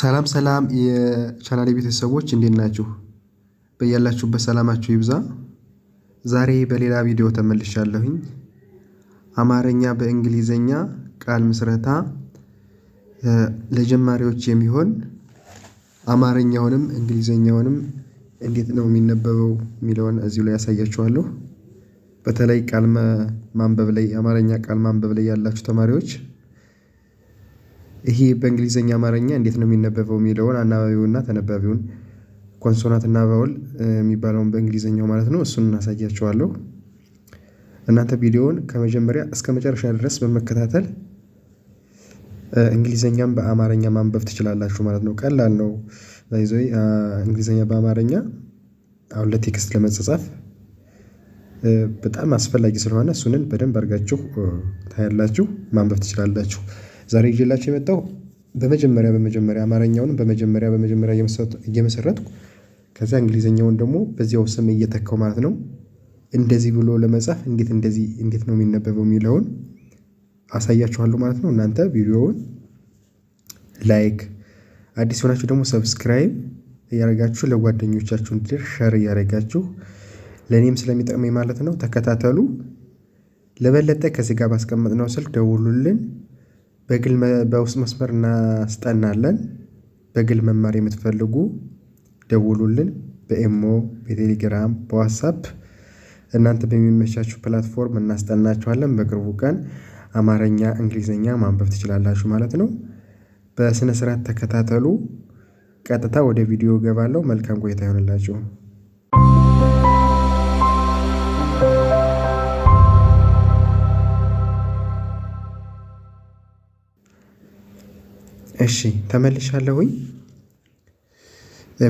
ሰላም ሰላም የቻናሌ ቤተሰቦች እንዴት ናችሁ? በያላችሁበት ሰላማችሁ ይብዛ። ዛሬ በሌላ ቪዲዮ ተመልሻለሁኝ። አማርኛ በእንግሊዘኛ ቃል ምስረታ ለጀማሪዎች የሚሆን አማርኛውንም እንግሊዘኛውንም እንዴት ነው የሚነበበው የሚለውን እዚሁ ላይ ያሳያችኋለሁ። በተለይ ቃል ማንበብ ላይ አማርኛ ቃል ማንበብ ላይ ያላችሁ ተማሪዎች ይሄ በእንግሊዘኛ አማርኛ እንዴት ነው የሚነበበው የሚለውን አናባቢውና ተነባቢውን ኮንሶናንትና ባውል የሚባለውን በእንግሊዘኛው ማለት ነው እሱን እናሳያቸዋለሁ። እናንተ ቪዲዮውን ከመጀመሪያ እስከ መጨረሻ ድረስ በመከታተል እንግሊዘኛም በአማርኛ ማንበብ ትችላላችሁ ማለት ነው። ቀላል ነው። ይዞ እንግሊዘኛ በአማርኛ አሁን ለቴክስት ለመጻጻፍ በጣም አስፈላጊ ስለሆነ እሱንን በደንብ አድርጋችሁ ታያላችሁ፣ ማንበብ ትችላላችሁ። ዛሬ ይዤላችሁ የመጣው በመጀመሪያ በመጀመሪያ አማርኛውን በመጀመሪያ በመጀመሪያ እየመሰረትኩ ከዚ እንግሊዝኛውን ደግሞ በዚያው ስም እየተካው ማለት ነው። እንደዚህ ብሎ ለመጻፍ እንዴት እንደዚህ እንዴት ነው የሚነበበው የሚለውን አሳያችኋለሁ ማለት ነው። እናንተ ቪዲዮውን ላይክ፣ አዲስ የሆናችሁ ደግሞ ሰብስክራይብ እያደረጋችሁ ለጓደኞቻችሁ እንዲደርስ ሸር እያደረጋችሁ ለእኔም ስለሚጠቅመኝ ማለት ነው ተከታተሉ። ለበለጠ ከዚህ ጋር ባስቀመጥነው ስልክ ደውሉልን። በግል በውስጥ መስመር እናስጠናለን። በግል መማር የምትፈልጉ ደውሉልን። በኤሞ በቴሌግራም በዋትሳፕ እናንተ በሚመቻችሁ ፕላትፎርም እናስጠናችኋለን። በቅርቡ ቀን አማርኛ እንግሊዝኛ ማንበብ ትችላላችሁ ማለት ነው። በስነ ስርዓት ተከታተሉ። ቀጥታ ወደ ቪዲዮ ገባለሁ መልካም ቆይታ ይሆንላችሁ እሺ ተመልሻለሁኝ።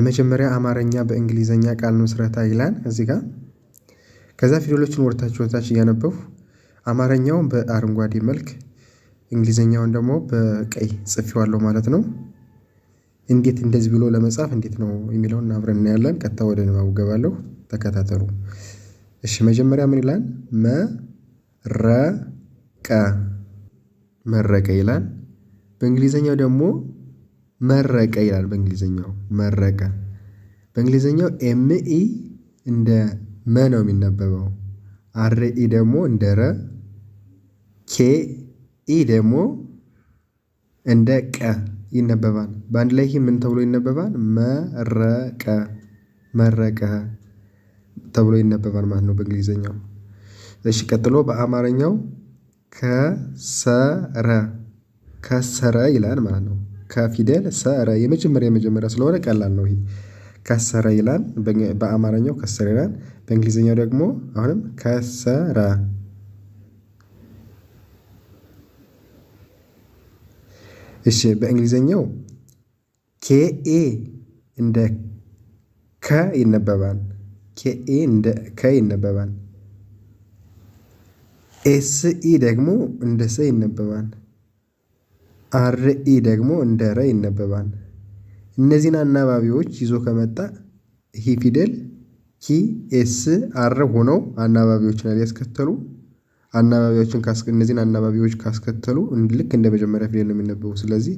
መጀመሪያ አማርኛ በእንግሊዘኛ ቃል ምስረታ ይላል እዚህ ጋር። ከዛ ፊደሎችን ወደታች ወታች እያነበብኩ አማርኛውን በአረንጓዴ መልክ እንግሊዘኛውን ደግሞ በቀይ ጽፌዋለሁ ማለት ነው። እንዴት እንደዚህ ብሎ ለመጻፍ እንዴት ነው የሚለውን አብረን እናያለን። ቀጥታ ወደ ንባቡ ገባለሁ ተከታተሉ። እሺ መጀመሪያ ምን ይላል? መረቀ መረቀ ይላል በእንግሊዘኛው ደግሞ መረቀ ይላል። በእንግሊዘኛው መረቀ በእንግሊዘኛው ኤምኢ እንደ መ ነው የሚነበበው። አርኢ ደግሞ እንደ ረ፣ ኢ ደግሞ እንደ ቀ ይነበባል። በአንድ ላይ ይህ ምን ተብሎ ይነበባል? መረቀ መረቀ ተብሎ ይነበባል ማለት ነው በእንግሊዝኛው። እሺ ቀጥሎ በአማርኛው ከሰረ ከሰረ ይላል ማለት ነው። ከፊደል ሰረ የመጀመሪያ የመጀመሪያ ስለሆነ ቀላል ነው። ይሄ ከሰረ ይላል በአማርኛው ከሰረ ይላል። በእንግሊዝኛው ደግሞ አሁንም ከሰረ እሺ በእንግሊዝኛው ኬኤ እንደ ከ ይነበባል። ኬኤ እንደ ከ ይነበባል። ኤስኢ ደግሞ እንደ ሰ ይነበባል። አርኢ ደግሞ እንደ ረ ይነበባል። እነዚህን አናባቢዎች ይዞ ከመጣ ሂ ፊደል ኪ ኤስ አር ሆነው አናባቢዎችን ያስከተሉ አናባቢዎችን እነዚህን አናባቢዎች ካስከተሉ ልክ እንደ መጀመሪያ ፊደል ነው የሚነበቡ። ስለዚህ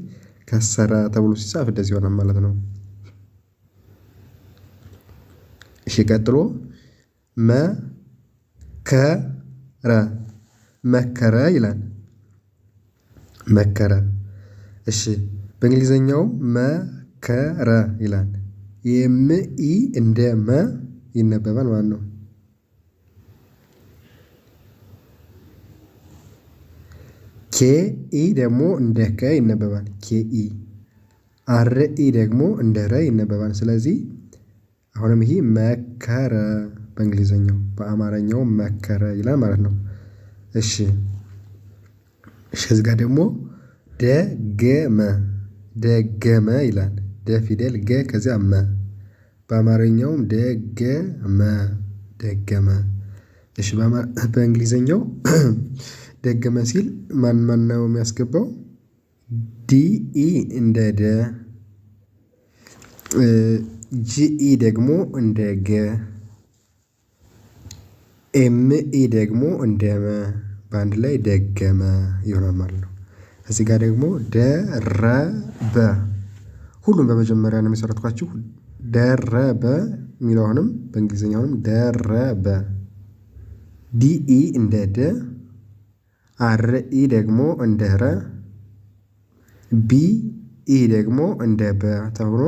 ከሰረ ተብሎ ሲጻፍ እንደዚህ ይሆናል ማለት ነው። እሺ ቀጥሎ መከረ መከረ ይላል። መከረ እሺ በእንግሊዘኛው መከረ ይላል የም ኢ እንደ መ ይነበባል ማለት ነው። ኬ ኢ ደግሞ እንደ ከ ይነበባል ኬ ኢ አር ኢ ደግሞ እንደ ረ ይነበባል። ስለዚህ አሁንም ይሄ መከረ በእንግሊዘኛው በአማርኛው መከረ ይላል ማለት ነው። እሺ እሺ እዚህ ጋር ደግሞ ደገመ ደገመ ይላል ደ ፊደል ገ ከዚያ መ በአማርኛውም ደገመ ደገመ እሺ በእንግሊዘኛው ደገመ ሲል ማን ማን ነው የሚያስገባው? ዲኢ እንደ ደ ጂኢ ደግሞ እንደ ገ ኤምኢ ደግሞ እንደ መ በአንድ ላይ ደገመ ይሆናል ማለት ነው። እዚህ ጋር ደግሞ ደረበ ሁሉም በመጀመሪያ ነው የመሰረትኳችሁ። ደረበ የሚለው አሁንም በእንግሊዝኛውንም ደረበ ዲኢ እንደ ደ አርኢ ደግሞ እንደ ረ ቢኢ ደግሞ እንደ በ ተብሎ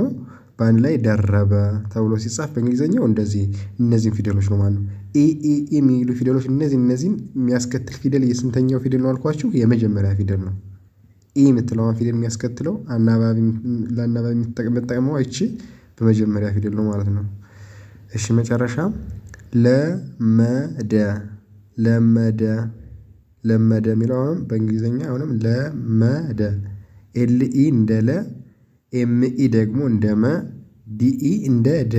በአንድ ላይ ደረበ ተብሎ ሲጻፍ በእንግሊዝኛው እንደዚህ እነዚህን ፊደሎች ነው ማለት ነው። ኢ የሚሉ ፊደሎች እነዚህ እነዚህን የሚያስከትል ፊደል የስንተኛው ፊደል ነው አልኳችሁ? የመጀመሪያ ፊደል ነው። ኢ ፊደል የሚያስከትለው ለአናባቢ የምጠቀመው እቺ በመጀመሪያ ፊደል ነው ማለት ነው። እሺ መጨረሻ ለመደ ለመደ ለመደ የሚለው አሁንም በእንግሊዘኛ አሁንም ለመደ ኤል ኢ እንደ ለ ኤም ኢ ደግሞ እንደ መ ዲ ኢ እንደ ደ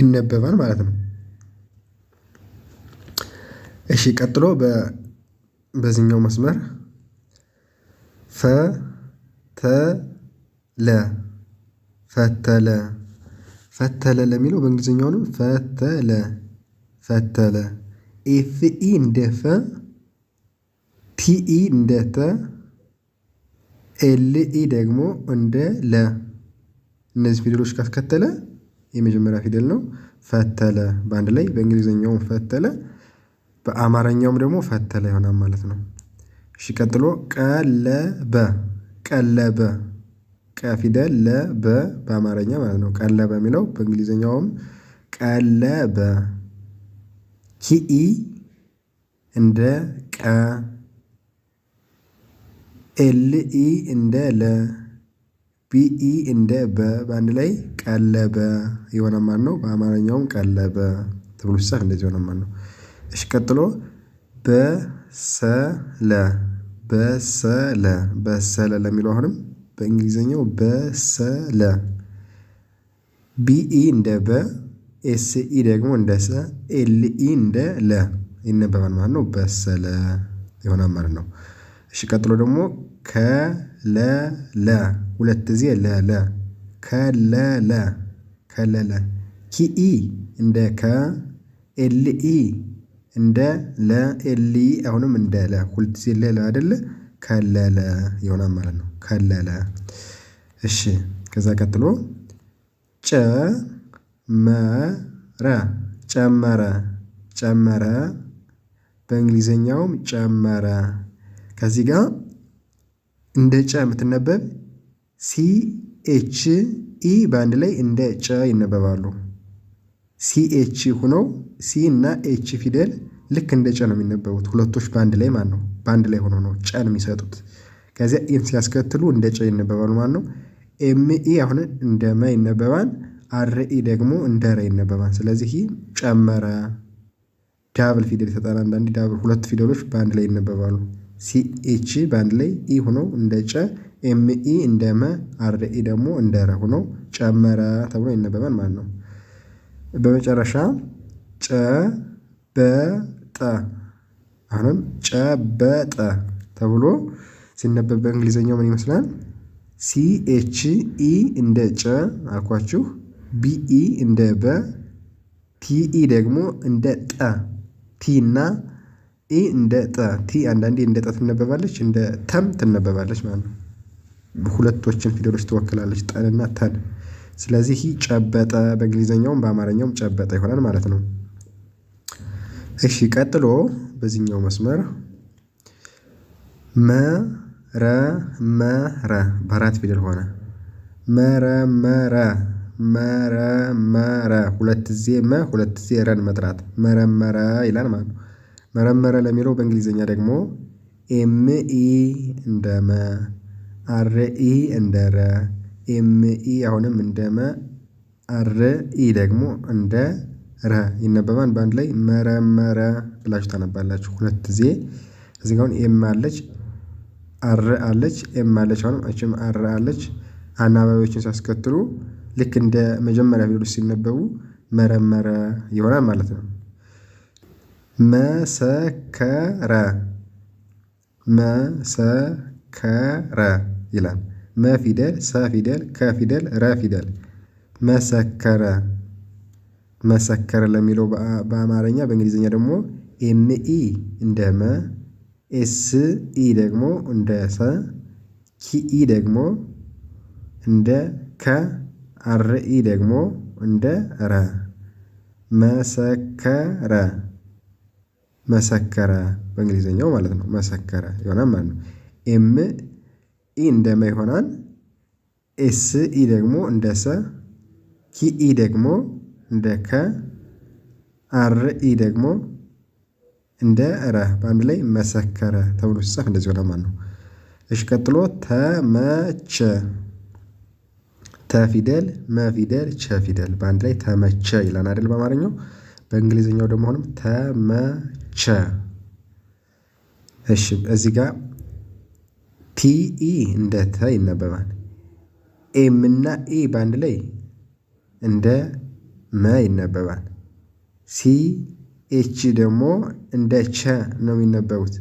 ይነበባል ማለት ነው እሺ ቀጥሎ በዚህኛው መስመር ፈተለ ፈተለ ፈተለ ለሚለው በእንግሊዝኛው ነው። ፈተለ ፈተለ ኤፍኢ እንደ ፈ ቲኢ እንደ ተ ኤልኢ ደግሞ እንደ ለ እነዚህ ፊደሎች ካስከተለ የመጀመሪያ ፊደል ነው። ፈተለ በአንድ ላይ በእንግሊዝኛውም ፈተለ በአማርኛውም ደግሞ ፈተለ ይሆናል ማለት ነው። እሺ ቀጥሎ ቀለበ ቀለበ ቀፊደል ፊደል ለ በ በአማርኛ ማለት ነው። ቀለበ የሚለው በእንግሊዘኛውም ቀለበ ኪኢ እንደ ቀ ኤልኢ እንደ ለ ቢኢ እንደ በ በአንድ ላይ ቀለበ ይሆናል ማለት ነው። በአማርኛውም ቀለበ ተብሎ ሲጻፍ እንደዚህ ይሆናል ማለት ነው። እሺ ቀጥሎ በሰለ በሰለ በሰለ ለሚለው አሁንም በእንግሊዘኛው በሰለ ቢኢ እንደ በ ኤስኢ ደግሞ እንደ ሰ ኤልኢ እንደ ለ ይነበባል ማለት ነው። በሰለ የሆነ ማለት ነው። እሺ ቀጥሎ ደግሞ ከለለ ሁለት ጊዜ ለለ ከለለ ከለለ ኪኢ እንደ ከ ኤልኢ እንደ ለ ኤሊ አሁንም እንደ ለ ሁልት ለ ለ አይደለ ከለለ የሆነ ማለት ነው። ከለለ እሺ ከዛ ቀጥሎ ጨ ረ ጨመረ ጨመረ በእንግሊዘኛውም ጨመረ ከዚህ ጋር እንደ ጨ የምትነበብ ሲ ኤች ኢ በአንድ ላይ እንደ ጨ ይነበባሉ። ሲኤች ሆነው ሲ እና ኤች ፊደል ልክ እንደ ጨ ነው የሚነበቡት። ሁለቶች በአንድ ላይ ማን ነው፣ በአንድ ላይ ሆኖ ነው ጨን የሚሰጡት። ከዚያ ኢን ሲያስከትሉ እንደ ጨ ይነበባሉ ማን ነው። ኤምኢ አሁን እንደ መ ይነበባል። አርኢ ደግሞ እንደ ረ ይነበባል። ስለዚህ ጨመረ። ዳብል ፊደል ይሰጣል። አንዳንድ ዳብል ሁለት ፊደሎች በአንድ ላይ ይነበባሉ። ሲኤች በአንድ ላይ ኢ ሆኖ እንደ ጨ፣ ኤምኢ እንደ መ፣ አርኢ ደግሞ እንደ ረ ሆኖ ጨመረ ተብሎ ይነበባል ማለት ነው። በመጨረሻ ጨበጠ አሁንም ጨበጠ ተብሎ ሲነበብ በእንግሊዝኛው ምን ይመስላል? ሲኤች ኢ እንደ ጨ አልኳችሁ፣ ቢኢ እንደ በ፣ ቲኢ ደግሞ እንደ ጠ። ቲ እና ኢ እንደ ጠ። ቲ አንዳንዴ እንደ ጠ ትነበባለች፣ እንደ ተም ትነበባለች ማለት ነው። ሁለቶችን ፊደሎች ትወክላለች፣ ጠንና ተን። ስለዚህ ጨበጠ በእንግሊዘኛውም በአማርኛውም ጨበጠ ይሆናል ማለት ነው። እሺ ቀጥሎ በዚህኛው መስመር መረመረ በአራት ፊደል ሆነ። መረመረ መረመረ ሁለት ዜ መ ሁለት ዜ ረን መጥራት መረመረ ይላል ማለት ነው። መረመረ ለሚለው በእንግሊዝኛ ደግሞ ኤምኢ እንደ መ አር ኢ እንደ ረ ኤምኢ አሁንም እንደ መ አር ኢ ደግሞ እንደ ረ ይነበባል። በአንድ ላይ መረመረ ብላችሁ ታነባላችሁ ሁለት ጊዜ። እዚህ ጋር ኤም አለች አር አለች ኤም አለች አሁንም እችም አር አለች። አናባቢዎችን ሲያስከትሉ ልክ እንደ መጀመሪያ ፊደሎች ሲነበቡ መረመረ ይሆናል ማለት ነው። መሰከረ መሰከረ ይላል። መፊደል ሰፊደል ከፊደል ረፊደል መሰከረ መሰከረ ለሚለው በአማርኛ በእንግሊዝኛ ደግሞ ኤምኢ እንደ መ ኤስኢ ደግሞ እንደ ሰ ኪኢ ደግሞ እንደ ከ አርኢ ደግሞ እንደ ረ መሰከረ መሰከረ በእንግሊዝኛው ማለት ነው። መሰከረ የሆነ ማለት ነው። ኤም ኢ እንደ መ ይሆናል። ኤስ ኢ ደግሞ እንደ ሰ፣ ኪ ኢ ደግሞ እንደ ከ፣ አር ኢ ደግሞ እንደ ረ በአንድ ላይ መሰከረ ተብሎ ሲጻፍ እንደዚህ ሆነ ማለት ነው። እሽ ቀጥሎ ተመቸ ተፊደል መፊደል ቸ ፊደል በአንድ ላይ ተመቸ ይላል አይደል? በአማርኛው በእንግሊዝኛው ደግሞ አሁንም ተመቸ። እሺ እዚህ ጋር ቲኢ እንደ ተ ይነበባል። ኤም እና ኢ በአንድ ላይ እንደ መ ይነበባል። ሲ ኤች ደግሞ እንደ ቸ ነው የሚነበቡት።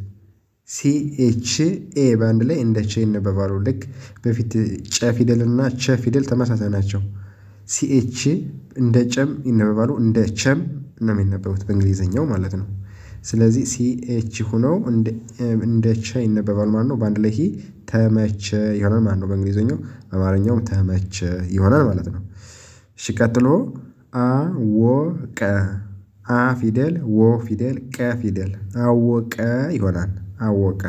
ሲ ኤች ኤ በአንድ ላይ እንደ ቸ ይነበባሉ። ልክ በፊት ጨ ፊደል እና ቸ ፊደል ተመሳሳይ ናቸው። ሲ ኤች እንደ ጨም ይነበባሉ። እንደ ቸም ነው የሚነበቡት በእንግሊዝኛው ማለት ነው። ስለዚህ ሲኤች ሁነው እንደ ቸ ይነበባል ማለት ነው። በአንድ ላይ ይሄ ተመቸ ይሆናል ማለት ነው። በእንግሊዘኛው በአማርኛውም ተመቸ ይሆናል ማለት ነው። እሺ ቀጥሎ አወቀ አ ፊደል ወ ፊደል ቀ ፊደል አወቀ ይሆናል አወቀ።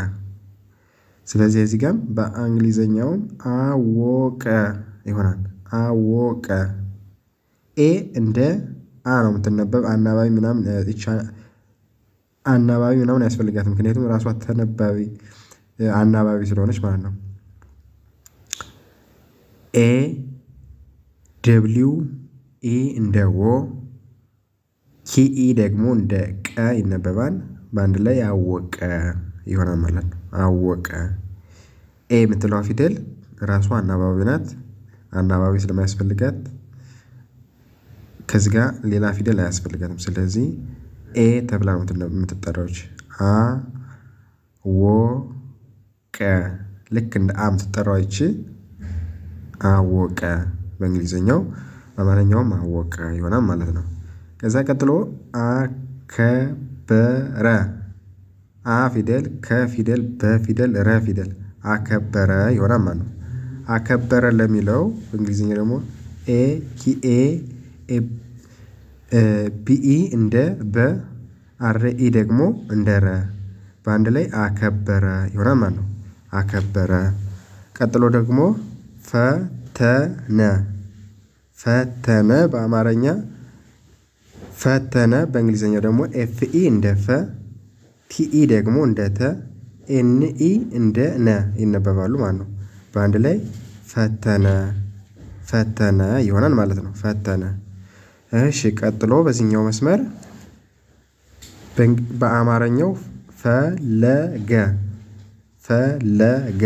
ስለዚህ እዚህ ጋርም በእንግሊዘኛውም አወቀ ይሆናል አወቀ። ኤ እንደ አ ነው የምትነበብ አናባቢ ምናምን አናባቢ ምናምን ያስፈልጋት፣ ምክንያቱም ራሷ ተነባቢ አናባቢ ስለሆነች ማለት ነው። ኤ ደብሊው ኢ እንደ ወ ኪኢ ደግሞ እንደ ቀ ይነበባል። በአንድ ላይ አወቀ ይሆናል ማለት ነው። አወቀ ኤ የምትለዋ ፊደል ራሷ አናባቢ ናት። አናባቢ ስለማያስፈልጋት ከዚህ ጋር ሌላ ፊደል አያስፈልጋትም። ስለዚህ ኤ ተብላ የምትጠራች አ ወ ቀ ልክ እንደ አ የምትጠራው ይቺ አወቀ በእንግሊዝኛው በአማርኛውም አወቀ ይሆናል ማለት ነው። ከዛ ቀጥሎ አከበረ አ ፊደል ከፊደል በፊደል ረ ፊደል አከበረ ይሆናል ማለት ነው። አከበረ ለሚለው በእንግሊዝኛ ደግሞ ኤ ኪኤ ቢኢ እንደ በ አርኢ ደግሞ እንደ ረ በአንድ ላይ አከበረ ይሆናል ማለት ነው። አከበረ። ቀጥሎ ደግሞ ፈተነ ፈተነ በአማርኛ ፈተነ በእንግሊዘኛ ደግሞ ኤፍኢ እንደ ፈ ቲኢ ደግሞ እንደ ተ ኤንኢ እንደ ነ ይነበባሉ ማለት ነው። በአንድ ላይ ፈተነ ፈተነ ይሆናል ማለት ነው። ፈተነ እሺ ቀጥሎ በዚህኛው መስመር በአማርኛው ፈለገ ፈለገ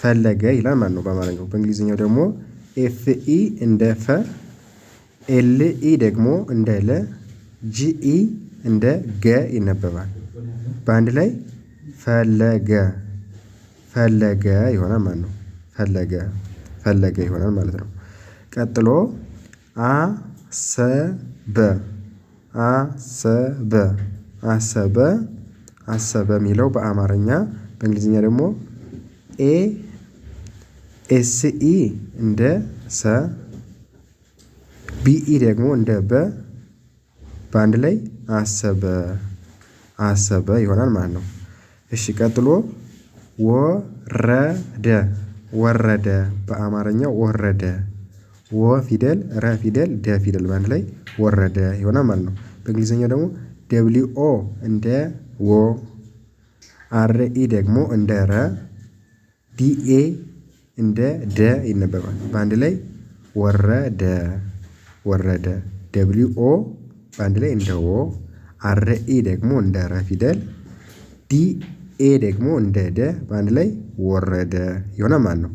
ፈለገ ይላል ማለት ነው። በአማርኛው በእንግሊዝኛው ደግሞ ኤፍኢ እንደ ፈ፣ ኤልኢ ደግሞ እንደ ለ፣ ጂኢ እንደ ገ ይነበባል። በአንድ ላይ ፈለገ ፈለገ ይሆናል ማለት ነው። ፈለገ ፈለገ ይሆናል ማለት ነው። ቀጥሎ አ ሰበ አሰበ አሰበ አሰበ የሚለው በአማርኛ በእንግሊዝኛ ደግሞ ኤ ኤስኢ እንደ ሰ ቢኢ ደግሞ እንደ በ በአንድ ላይ አሰበ አሰበ ይሆናል ማለት ነው። እሺ ቀጥሎ ወረደ ወረደ በአማርኛ ወረደ ወ ፊደል ረ ፊደል ደ ፊደል በአንድ ላይ ወረደ ይሆናል ማለት ነው። በእንግሊዝኛው ደግሞ ደብሊ ኦ እንደ ወ፣ አር ኢ ደግሞ እንደ ረ፣ ዲኤ እንደ ደ ይነበባል። በአንድ ላይ ወረደ ወረደ። ደብሊው ኦ በአንድ ላይ እንደ ወ፣ አር ኢ ደግሞ እንደ ረ ዲ ኤ እንደ ደ ይነበባል በአንድ ላይ ወረደ ወረደ ደብሊ ኦ በአንድ ላይ እንደ ወ አር ኢ ደግሞ እንደ ረ ፊደል ዲኤ ደግሞ እንደ ደ በአንድ ላይ ወረደ ይሆናል ማለት ነው።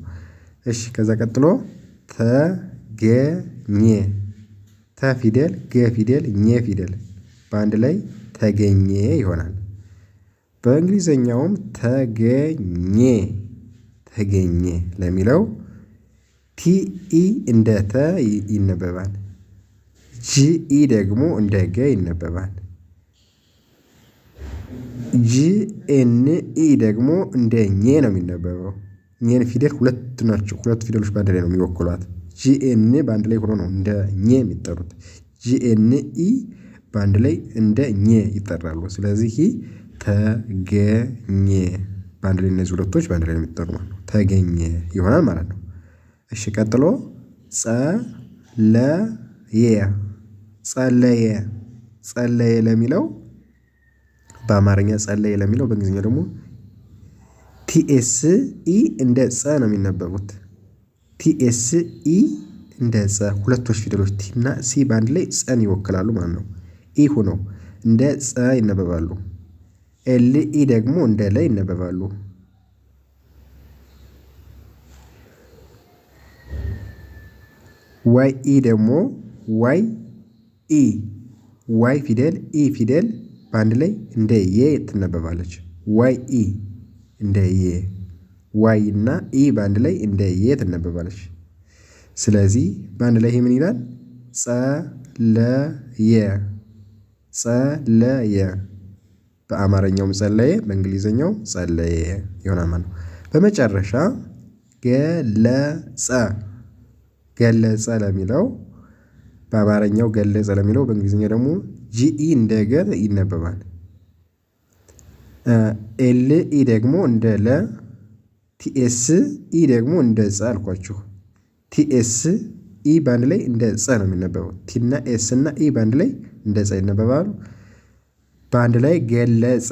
እሺ ከዛ ቀጥሎ ተ ገኘ ተ ፊደል ገ ፊደል ኘ ፊደል በአንድ ላይ ተገኘ ይሆናል። በእንግሊዘኛውም ተገኘ ተገኘ ለሚለው ቲኢ እንደ ተ ይነበባል። ጂኢ ደግሞ እንደ ገ ይነበባል። ጂኤንኢ ደግሞ እንደ ኘ ነው የሚነበበው። ኘን ፊደል ሁለቱ ናቸው። ሁለቱ ፊደሎች በአንድ ላይ ነው የሚወክሏት ጂኤንኤ በአንድ ላይ ሆኖ ነው እንደ ኘ የሚጠሩት። ጂኤንኢ በአንድ ላይ እንደ ኘ ይጠራሉ። ስለዚህ ተገኘ በአንድ ላይ እነዚህ ሁለቶች በአንድ ላይ የሚጠሩ ማለት ነው። ተገኘ ይሆናል ማለት ነው። እሺ ቀጥሎ ጸለየ ጸለየ ጸለየ ለሚለው በአማርኛ ጸለየ ለሚለው በእንግሊዝኛ ደግሞ ቲኤስኢ እንደ ጸ ነው የሚነበቡት። ቲኤስኢ እንደ ጸ ሁለቶች ፊደሎች ቲ እና ሲ በአንድ ላይ ጸን ይወክላሉ ማለት ነው። ኢ ሆነው እንደ ጸ ይነበባሉ። ኤል ኢ ደግሞ እንደ ላይ ይነበባሉ። ዋይ ኢ ደግሞ ዋይ ኢ ዋይ ፊደል ኢ ፊደል በአንድ ላይ እንደ የ ትነበባለች። ዋይ ኢ እንደ የ ዋይ እና ኢ በአንድ ላይ እንደ የ ትነበባለች። ስለዚህ በአንድ ላይ ምን ይላል? ጸለየ ጸለየ። በአማርኛውም ጸለየ፣ በእንግሊዝኛው ጸለየ ይሆናል ነው። በመጨረሻ ገለጸ ገለጸ ለሚለው በአማርኛው ገለጸ ለሚለው በእንግሊዝኛ ደግሞ ጂኢ እንደ ገ ይነበባል። ኤልኢ ደግሞ እንደ ለ ቲኤስ ኢ ደግሞ እንደ ጸ አልኳችሁ። ቲኤስ ኢ ባንድ ላይ እንደ ጸ ነው የሚነበበው። ቲና ኤስ እና ኢ ባንድ ላይ እንደ ጸ ይነበባሉ። በአንድ ላይ ገለጸ።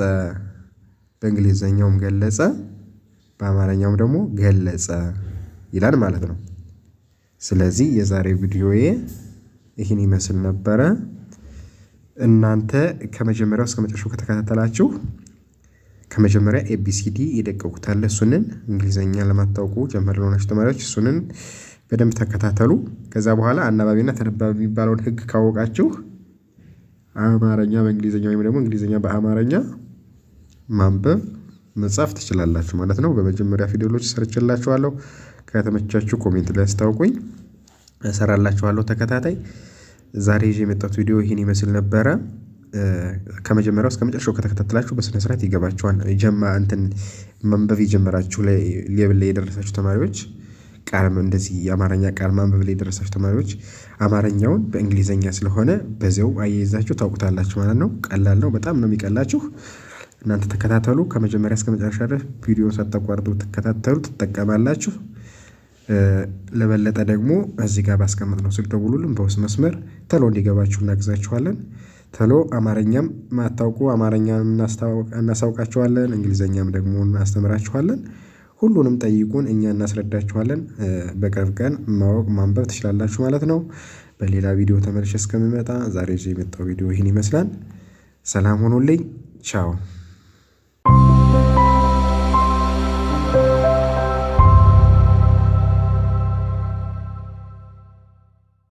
በእንግሊዘኛውም ገለጸ፣ በአማርኛውም ደግሞ ገለጸ ይላል ማለት ነው። ስለዚህ የዛሬ ቪዲዮዬ ይህን ይመስል ነበረ። እናንተ ከመጀመሪያው እስከ መጨረሻው ከተከታተላችሁ ከመጀመሪያ ኤቢሲዲ የደቀቁት አለ። እሱንን እንግሊዘኛ ለማታውቁ ጀመር ለሆናችሁ ተማሪዎች እሱንን በደንብ ተከታተሉ። ከዛ በኋላ አናባቢና ተነባቢ የሚባለውን ህግ ካወቃችሁ አማርኛ በእንግሊዝኛ ወይም ደግሞ እንግሊዝኛ በአማርኛ ማንበብ መጻፍ ትችላላችሁ ማለት ነው። በመጀመሪያ ፊደሎች ሰርችላችኋለሁ። ከተመቻችሁ ኮሜንት ላይ አስታውቁኝ፣ እሰራላችኋለሁ ተከታታይ። ዛሬ ይዤ የመጣሁት ቪዲዮ ይህን ይመስል ነበረ። ከመጀመሪያው እስከ መጨረሻው ከተከታተላችሁ በስነ ስርዓት ይገባችኋል። ጀማ እንትን ማንበብ የጀመራችሁ ሌብል ላይ የደረሳችሁ ተማሪዎች ቃልም እንደዚህ የአማርኛ ቃል ማንበብ ላይ የደረሳችሁ ተማሪዎች አማርኛውን በእንግሊዝኛ ስለሆነ በዚያው አያይዛችሁ ታውቁታላችሁ ማለት ነው። ቀላል ነው፣ በጣም ነው የሚቀላችሁ። እናንተ ተከታተሉ፣ ከመጀመሪያ እስከ መጨረሻ ድረስ ቪዲዮ ሳታቋርጡ ትከታተሉ፣ ትጠቀማላችሁ። ለበለጠ ደግሞ እዚህ ጋር ባስቀመጥ ነው ስልክ ደውሉልን፣ በውስጥ መስመር ተሎ እንዲገባችሁ እናግዛችኋለን። ተሎ አማርኛም ማታውቁ አማርኛም እናሳውቃችኋለን እንግሊዘኛም ደግሞ እናስተምራችኋለን። ሁሉንም ጠይቁን እኛ እናስረዳችኋለን። በቅርብ ቀን ማወቅ ማንበብ ትችላላችሁ ማለት ነው። በሌላ ቪዲዮ ተመልሼ እስከምመጣ ዛሬ የመጣው ቪዲዮ ይህን ይመስላል። ሰላም ሆኑልኝ ቻው